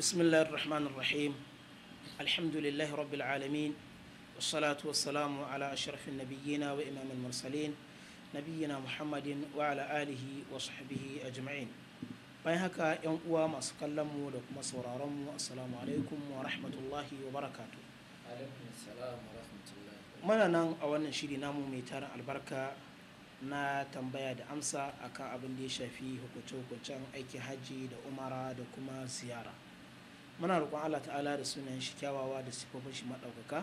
بسم الله الرحمن الرحيم الحمد لله رب العالمين والصلاة والسلام على أشرف النبيين وإمام المرسلين نبينا محمد وعلى آله وصحبه أجمعين bayan haka yan uwa masu kallon mu da kuma sauraron mu assalamu alaikum wa rahmatullahi wa barakatu mana nan a wannan shiri namu mai tara albarka na tambaya da amsa akan abin da ya shafi hukunce-hukuncen aiki hajji da umara da kuma ziyara muna roƙon Allah ta'ala da sunayen shi kyawawa da sifofin shi maɗaukaka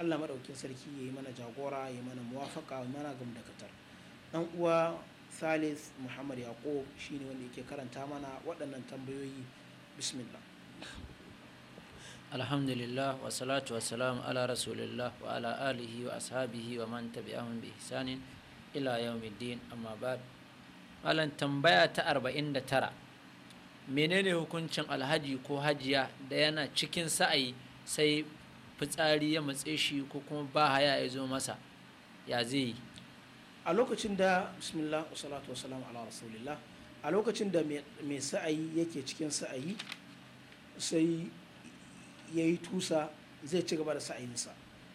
Allah maɗaukin sarki ya yi mana jagora ya yi mana muwafaka ya mana gamdakatar dan uwa Salis Muhammad Yaqub ne wanda yake karanta mana waɗannan tambayoyi bismillah alhamdulillah wa salatu wa salam ala rasulillah wa ala alihi wa ashabihi wa man tabi'ahum bi ihsanin ila yawmiddin amma ba malan tambaya ta 49 menene hukuncin alhaji ko hajiya da yana cikin sa'ayi sai fitsari ya matse shi ko kuma ba haya ya zo masa ya zai yi a lokacin da bismillah wasalatu wasalam ala rasulillah a lokacin da mai sa'ayi yake cikin sa'ayi sai ya yi tusa zai ci gaba da sa'ayinsa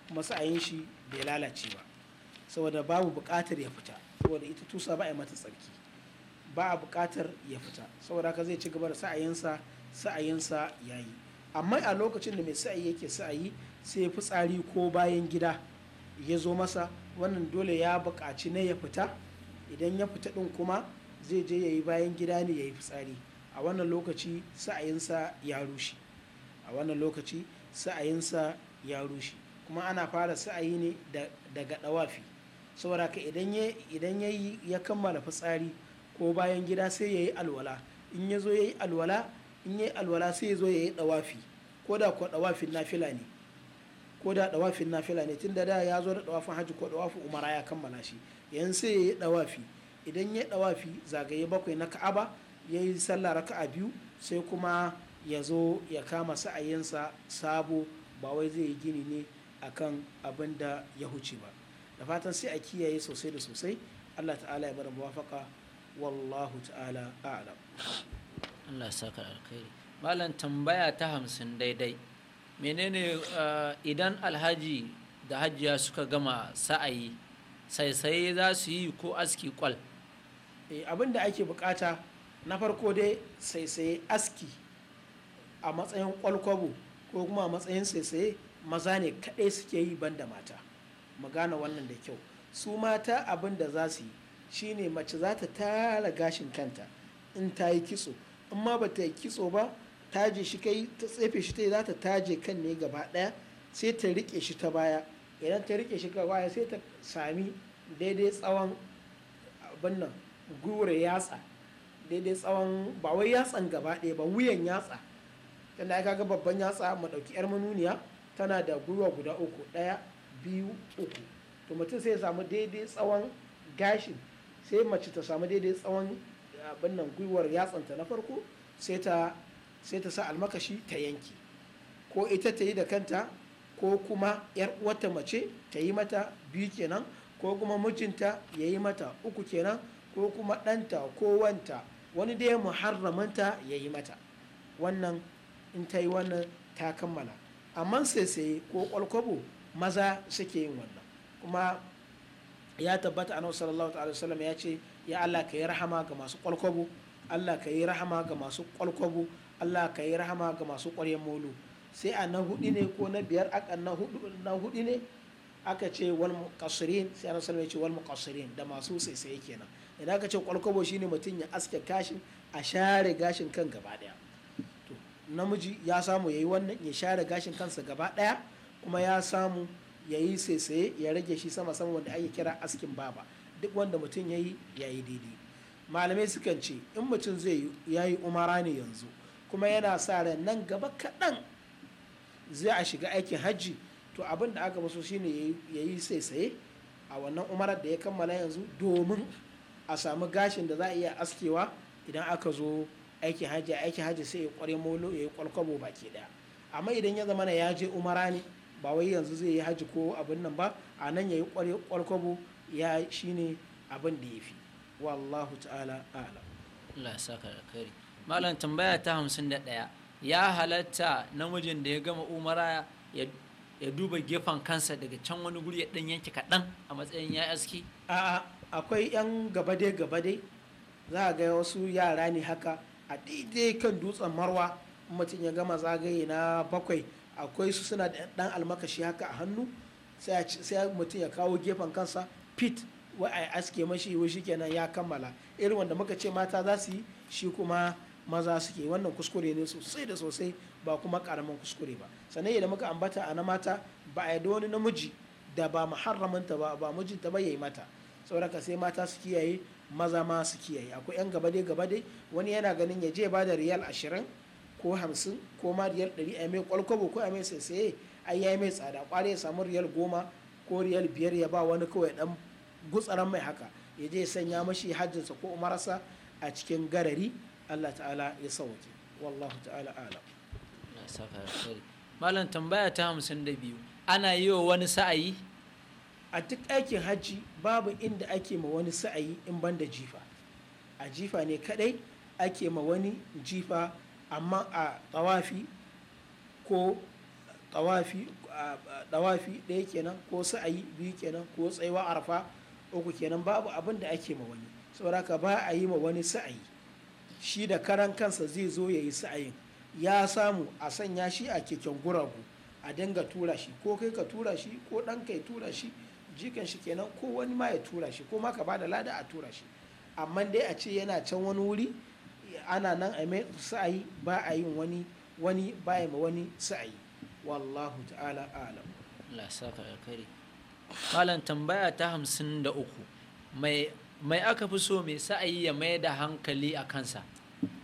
kuma sa'ayin shi bai lalace ba saboda babu buƙatar ya fita saboda ita tusa ba a yi mata tsarki ba a buƙatar ya fita saboda haka zai ci gaba da sa'ayinsa sa'ayinsa ya yi amma a lokacin da mai sa'ayi yake sa'ayi sai fitsari ko bayan gida ya zo masa wannan dole ya bukaci ne ya fita idan ya fita ɗin kuma zai je ya yi bayan gida ne ya yi fitsari a wannan lokaci sa'ayinsa ya rushe a wannan lokaci sa'ayinsa ya rushe kuma ana fara sa'ayi ne daga ɗawafi saboda ka idan ya yi ya kammala fitsari ko bayan gida sai ya yi alwala in ya zo ya yi alwala in ya yi alwala sai ya zo ya yi ɗawafi ko da ko ɗawafin nafila ne ko da dawafin nafila ne tun da da ya zo da ɗawafin hajji ko ɗawafin umara ya kammala shi yanzu sai ya yi ɗawafi idan ya yi ɗawafi zagaye bakwai na ka'aba ya yi sallah raka'a biyu sai kuma ya zo ya kama sa'ayinsa sabo ba wai zai yi gini ne akan abin da ya huce ba da fatan sai a kiyaye sosai da sosai allah ta'ala ya bada muwafaka wallahu ta'ala a'lam Allah saka alkhairi malam tambaya ta hamsin daidai menene eh, idan alhaji da hajiya suka gama sa'ayi saisaye za su yi ko aski kwal eh, abin da ake bukata na farko dai saisaye aski a matsayin kwalkwabo ko kuma a matsayin saisaye maza ne kaɗai suke yi banda mata mu gane wannan da kyau su mata abin da za su yi shine mace za ta tara gashin kanta in ta yi kitso in ma ba ta yi kitso ba taje shi kai ta tsefe shi ta za ta taje kan ne gaba ɗaya sai ta riƙe shi ta baya idan ta rike shi ta baya sai ta sami daidai tsawon abin nan gure yatsa daidai tsawon ba wai yatsan gaba ɗaya ba wuyan yatsa tana ya kaga babban yatsa mu ɗauki yar manuniya tana da gwiwa guda uku ɗaya biyu uku to mutum sai ya samu daidai tsawon gashin sai mace ta samu daidai tsawon abin nan gwiwar yatsanta na farko sai ta sa almakashi ta yanki ko ita ta yi da kanta ko kuma yar wata mace ta yi mata biyu kenan ko kuma mijinta ya yi mata uku kenan ko kuma ɗanta ko wanta wani da ya muharramanta ya yi mata wannan in ta yi wannan ta kammala amma sai sai ko kwalkwabo maza suke yin wannan kuma ya tabbata annabi sallallahu alaihi wasallam ya ce ya Allah ka yi rahama ga masu kwalkwabo Allah ka yi rahama ga masu kwalkwabo Allah ka yi rahama ga masu ƙwaryen molo sai a na hudu ne ko na biyar aka na hudu na hudu ne aka ce wal muqassirin sai annabi sallallahu ya ce wal muqassirin da masu sai kenan idan aka ce kwalkwabo shine mutum ya aske kashin a share gashin kan gaba daya to namiji ya samu yayi wannan ya share gashin kansa gaba daya kuma ya samu ya yi saisaye ya rage shi sama sama wanda ake kira askin baba duk wanda mutum ya yi ya yi daidai malamai sukan ce in mutum zai ya yi umara ne yanzu kuma yana sa ran nan gaba kaɗan zai a shiga aikin hajji to abin da aka baso shine ya yi saisaye a wannan umarar da ya kammala yanzu domin a samu gashin da za a iya askewa idan aka zo aikin hajji aikin hajji sai ya kware molo ya yi kwalkwabo baki daya amma idan ya zama ya je umara ne ba wai yanzu zai yi haji ko abin nan ba a nan ya yi kwalkwabo ya shi ne abin da ya fi wallahu ta'ala ala Allah kari malam tambaya ta hamsin da ɗaya ya halatta namijin da ya gama umara ya duba gefen kansa daga can wani guri ya dan yanke kaɗan a matsayin ya aski a akwai yan gaba dai dai za a ga wasu yara ne haka a daidai kan dutsen marwa mutum ya gama zagaye na bakwai akwai su suna da ɗan almakashi haka a hannu sai mutum ya kawo gefen kansa pit wai a aske mashi wai shikenan ya kammala irin wanda muka ce mata za su yi shi kuma maza suke wannan kuskure ne sosai da sosai ba kuma karamin kuskure ba sannan idan muka ambata a na mata ba a yadda wani namiji da ba muharramanta ba ba mijinta ba ya yi mata sauraka sai mata su kiyaye maza ma su kiyaye akwai yan gaba dai gaba dai wani yana ganin ya je ba da riyal ashirin ko hamsin ko ma riyal ɗari a mai kwalkwabo ko a mai saisaye a yi mai tsada kwari ya samu riyal goma ko riyal biyar ya ba wani kawai dan gutsaran mai haka ya je sanya mashi hajjinsa ko umarsa a cikin garari Allah ta'ala ya sauke wallahu ta'ala alam malam tambaya ta hamsin da biyu ana yi wa wani sa'ayi a duk aikin hajji babu inda ake ma wani sa'ayi in ban da jifa a jifa ne kadai ake ma wani jifa amma a tawafi ko tawafi dawafi ɗaya kenan ko sa'ayi biyu kenan ko tsayuwa arfa uku kenan babu abin da ake ma wani saboda ba a yi ma wani sa'ayi shi da karan kansa zai zo ya yi sa'ayin ya samu a sanya shi a keken guragu a dinga tura shi ko kai ka tura shi ko ɗan kai tura shi jikan shi kenan ko wani ma ya tura shi ko ma ka ba da lada a tura shi amma dai a ce yana can wani wuri ana nan a mai sa'ayi ba a yin wani wani ba a wani sa'ayi wallahu ta'ala alam la saka alkari malam tambaya ta hamsin da uku mai mai aka fi so mai sa'ayi ya mai da hankali a kansa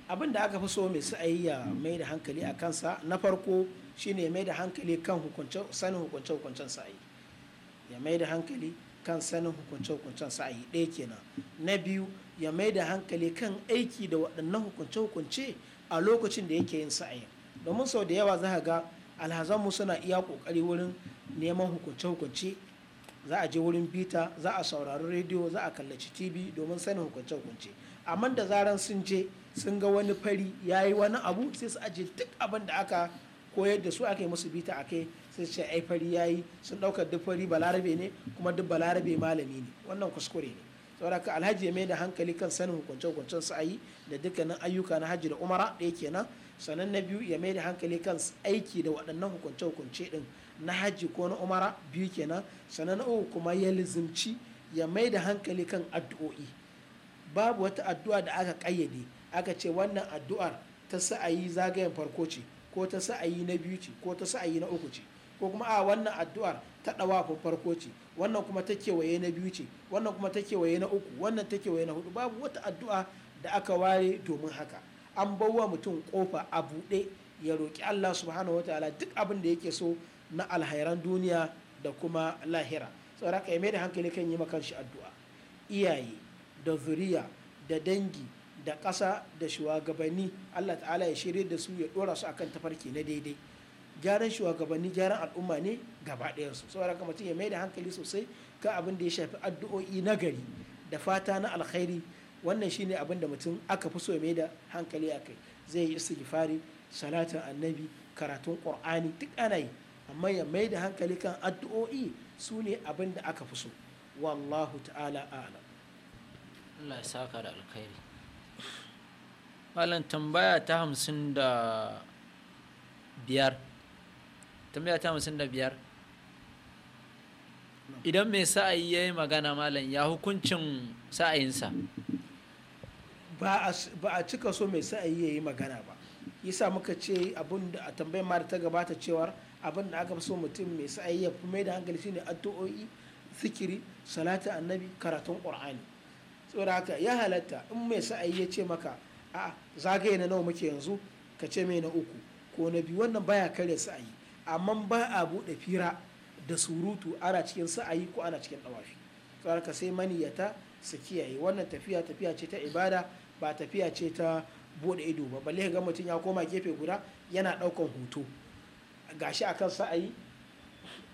abin da aka fi so mai sa'ayi ya mai da hankali a kansa na farko shine ya mai da hankali kan hukuncen sanin hukuncen hukuncen sa'ayi ya mai da hankali kan sanin hukunce-hukuncen sa'ayi ɗaya kenan na biyu ya mai da hankali kan aiki da waɗannan hukunce-hukunce a lokacin da yake yin sa'ayin domin sau da yawa za ga alhazanmu suna iya ƙoƙari wurin neman hukunce-hukunce za a je wurin bita za a saurari rediyo za a kallaci tv domin sanin hukunce-hukunce amma da zaran sun je sun ga wani fari ya yi wani abu sai su ajiye duk abin da aka koyar da su aka musu bita a kai sai su ce ai fari ya yi sun ɗaukar duk fari balarabe ne kuma duk balarabe malami ne wannan kuskure ne saboda ka alhaji ya mai da hankali kan sanin hukunce hukuncen sa'ayi da dukkanin ayyuka na hajji da umara ɗaya kenan sannan na biyu ya mai da hankali kan aiki da waɗannan hukunce hukunce din na hajji ko na umara biyu kenan sannan na uku kuma ya lizimci ya mai da hankali kan addu'o'i babu wata addu'a da aka ƙayyade aka ce wannan addu'ar ta sa'ayi zagayen farko ce ko ta sa'ayi na biyu ce ko ta sa'ayi na uku ce ko kuma a wannan addu'ar ta ɗawa farko ce wannan kuma ta kewaye na biyu ce wannan kuma ta kewaye na uku wannan ta kewaye na hudu babu wata addu'a da aka ware domin haka an bawa mutum kofa a buɗe ya roƙi Allah subhanahu ta'ala duk abin da yake so na alhairan duniya da kuma lahira saboda ka mai da hankali kan yi makan shi addu'a iyaye da zuriya da dangi da ƙasa da shugabanni Allah ta'ala ya shirye da su ya ɗora su akan tafarki na daidai gyaran shugabanni gyaran al'umma ne gaba ɗayansu saboda haka mutum ya mai da hankali sosai ka abin da ya shafi addu'o'i na gari da fata na alkhairi wannan shine abin da mutum aka fi so ya mai da hankali a kai zai yi istighfari salatin annabi karatun qur'ani duk ana yi amma ya mai da hankali kan addu'o'i su ne abin da aka fi so wallahu ta'ala a'lam Allah ya saka da alkhairi malam tambaya ta hamsin da biyar tambaya ta musin da biyar idan mai sa'ayi ya yi magana malam ya hukuncin sa'ayinsa ba a cika so mai sa'ayi ya yi magana ba yasa muka ce abin da a tambayar mara ta gabata cewar abin da aka fi so mutum mai sa'ayi ya fi mai da hankali shine addu'o'i zikiri salatu annabi karatun qur'ani saboda haka ya halatta in mai sa'ayi ya ce maka a zagaye na nawa muke yanzu ka ce mai na uku ko na biyu wannan baya kare sa'ayi amma ba a buɗe fira da surutu ana cikin sa'ayi ko ana cikin ɗawafi ka sai maniyata su kiyaye wannan tafiya tafiya ce ta ibada ba tafiya ce ta buɗe ido ba balle ga mutum ya koma gefe guda yana ɗaukan hoto gashi akan sa'ayi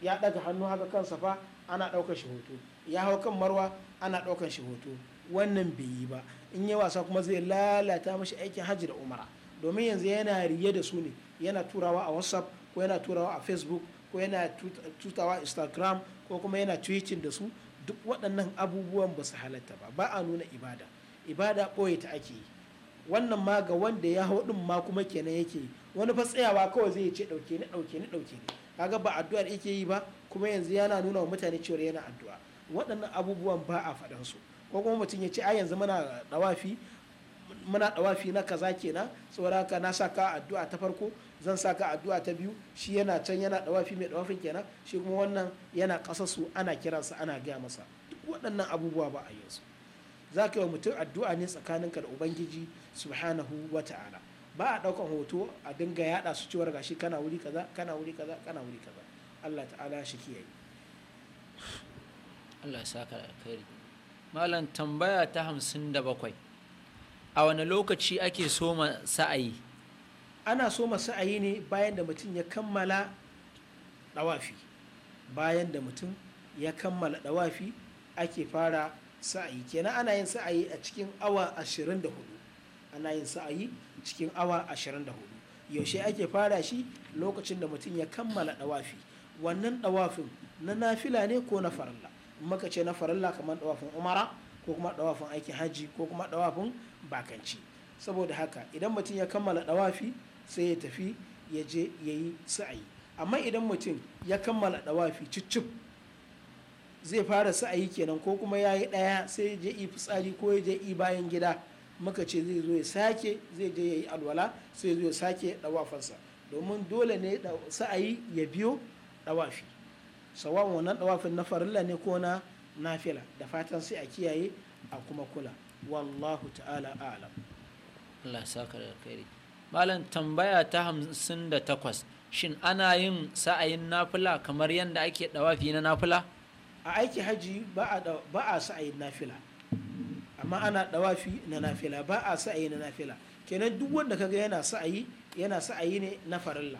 ya ɗaga hannu haka kansa fa ana ɗaukar shi hoto ya hau kan marwa ana ɗaukar shi hoto wannan bai yi ba in yi wasa kuma zai lalata mashi aikin hajji da umara domin yanzu yana riye da su ne yana turawa a whatsapp ko yana turawa a facebook ko yana tutawa instagram ko kuma yana twitching da su duk waɗannan abubuwan ba su halatta ba ba a nuna ibada ibada ɓoye ta ake yi wannan ma ga wanda ya hau ɗin ma kuma kenan yake yi wani fa tsayawa kawai zai ce ɗauke ni ɗauke ni ɗauke ni kaga ba addu'ar yake yi ba kuma yanzu yana nuna wa mutane cewa yana addu'a waɗannan abubuwan ba a faɗan su ko kuma mutum ya ce a yanzu muna ɗawafi muna ɗawafi na kaza kenan saboda na sa ka addu'a ta farko zan sa ka addu'a ta biyu shi yana can yana dawafi mai dawafin kenan shi kuma wannan yana kasa su ana kiransa ana gaya masa duk waɗannan abubuwa ba a yi su za ka yi wa mutum addu'a ne tsakaninka da ubangiji subhanahu wa ta'ala ba a ɗaukan hoto a dinga yaɗa su cewar gashi kana wuri kaza kana wuri kaza kana wuri kaza Allah ta'ala shi kiyaye Allah sa ka alkhairi malam tambaya ta hamsin da bakwai a wani lokaci ake soma sa'ayi ana so masu ayi ne bayan da mutum ya kammala dawafi bayan da mutum ya kammala dawafi ake fara sa'ayi kenan ana yin sa'ayi a cikin awa 24 ana yin sa'ayi cikin awa 24 yaushe ake fara shi lokacin da mutum ya kammala dawafi wannan dawafin na nafila ne ko na farilla maka ce na faralla kamar dawafin umara ko kuma dawafin aikin haji ko kuma dawafin bakanci saboda haka idan mutum ya kammala dawafi sai ya tafi ya je ya yi sa'ayi amma idan mutum ya kammala dawafi cicif zai fara sa'ayi kenan ko kuma ya yi ɗaya sai ya je yi fitsari ko ya je yi bayan gida muka ce zai zo ya sake zai je ya yi alwala sai ya zo ya sake dawafansa domin dole ne sa'ayi ya biyo dawafi sawan wannan dawafin na farilla ne ko na nafila da fatan sai a kiyaye a kuma kula wallahu ta'ala a'lam Allah saka da alkhairi malam tambaya ta hamsin da takwas shin ana yin sa'ayin nafila kamar yadda ake dawafi na nafila a aiki haji ba a sa'ayin nafila amma ana dawafi na nafila ba a sa'ayi na nafila kenan duk wanda kaga yana sa'ayi yana sa'ayi ne na farilla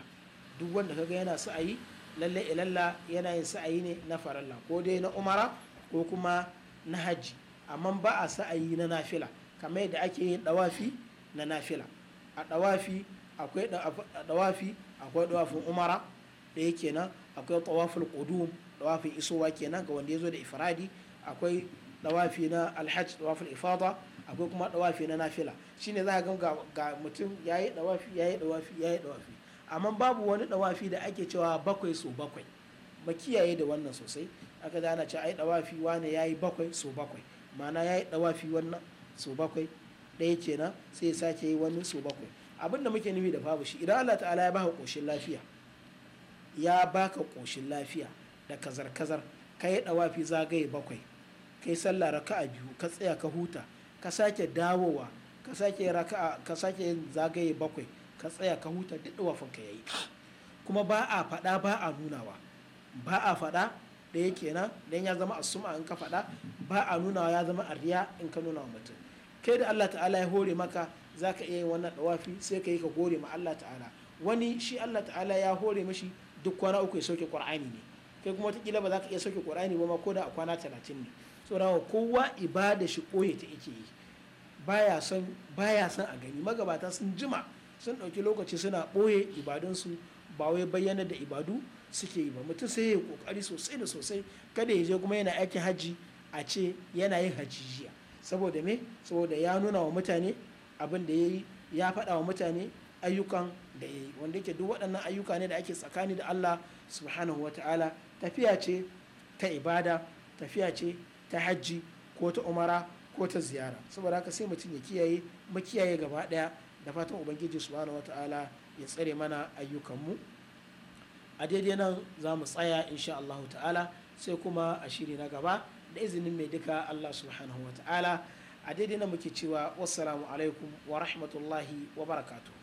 duk wanda kaga yana sa'ayi lallai ilalla yana yin sa'ayi ne na farilla ko dai na umara ko kuma na haji amma ba a sa'ayi na nafila kamar yadda ake yin dawafi na nafila a dawafi akwai dawafi akwai dawafin umara da yake nan akwai tawaful qudum dawafin isowa kenan ga wanda ya zo da ifradi akwai dawafi na alhajj dawaful ifada akwai kuma dawafi na nafila shine za ga ga mutum yayi dawafi yayi dawafi yayi dawafi amma babu wani dawafi da ake cewa bakwai so bakwai ba kiyaye da wannan sosai aka da ana ce ai dawafi ya yayi bakwai so bakwai ma'ana yayi dawafi wannan so bakwai ɗaya kenan sai ya sake yi wani su bakwai abin da muke nufi da babu shi idan Allah ta'ala ya baka ƙoshin lafiya ya baka ƙoshin lafiya da kazar kazar ka yi ɗawafi zagaye bakwai ka yi sallah raka'a biyu ka tsaya ka huta ka sake dawowa ka sake yin zagaye bakwai ka tsaya ka huta duk ɗawafin ka yayi kuma ba a faɗa ba a nunawa ba a faɗa ɗaya kenan don ya zama a suma in ka faɗa ba a nunawa ya zama a riya in ka nuna wa mutum kai da Allah ta'ala ya hore maka za ka iya yin wannan dawafi sai ka yi ka gore ma Allah ta'ala wani shi Allah ta'ala ya hore mashi duk kwana uku ya sauke qur'ani ne kai kuma wataƙila ba za ka iya sauke qur'ani ba ma ko da a kwana talatin ne tsorawa kowa ibada shi koye ta ike yi baya son a gani magabata sun jima sun ɗauki lokaci suna ɓoye ibadunsu ba wai bayyana da ibadu suke yi ba mutum sai ya yi ƙoƙari sosai da sosai kada ya je kuma yana aikin hajji a ce yana yin hajjijiya saboda me saboda ya nuna wa mutane abin da ya yi ya faɗa wa mutane ayyukan da ya yi wanda yake duk waɗannan ayyuka ne da ake tsakani da Allah subhanahu wa ta'ala tafiya ce ta ibada tafiya ce ta hajji ko ta umara ko ta ziyara saboda haka sai mutum ya kiyaye makiyaye gaba ɗaya da fatan ubangiji subhanahu wa ta'ala ya tsare mana ayyukan mu. a daidai nan za mu tsaya insha Allah ta'ala sai kuma a shiri na gaba da izinin mai duka Allah subhanahu wa ta'ala a daidai na muke cewa wassalamu alaikum wa rahmatullahi wa barakatuh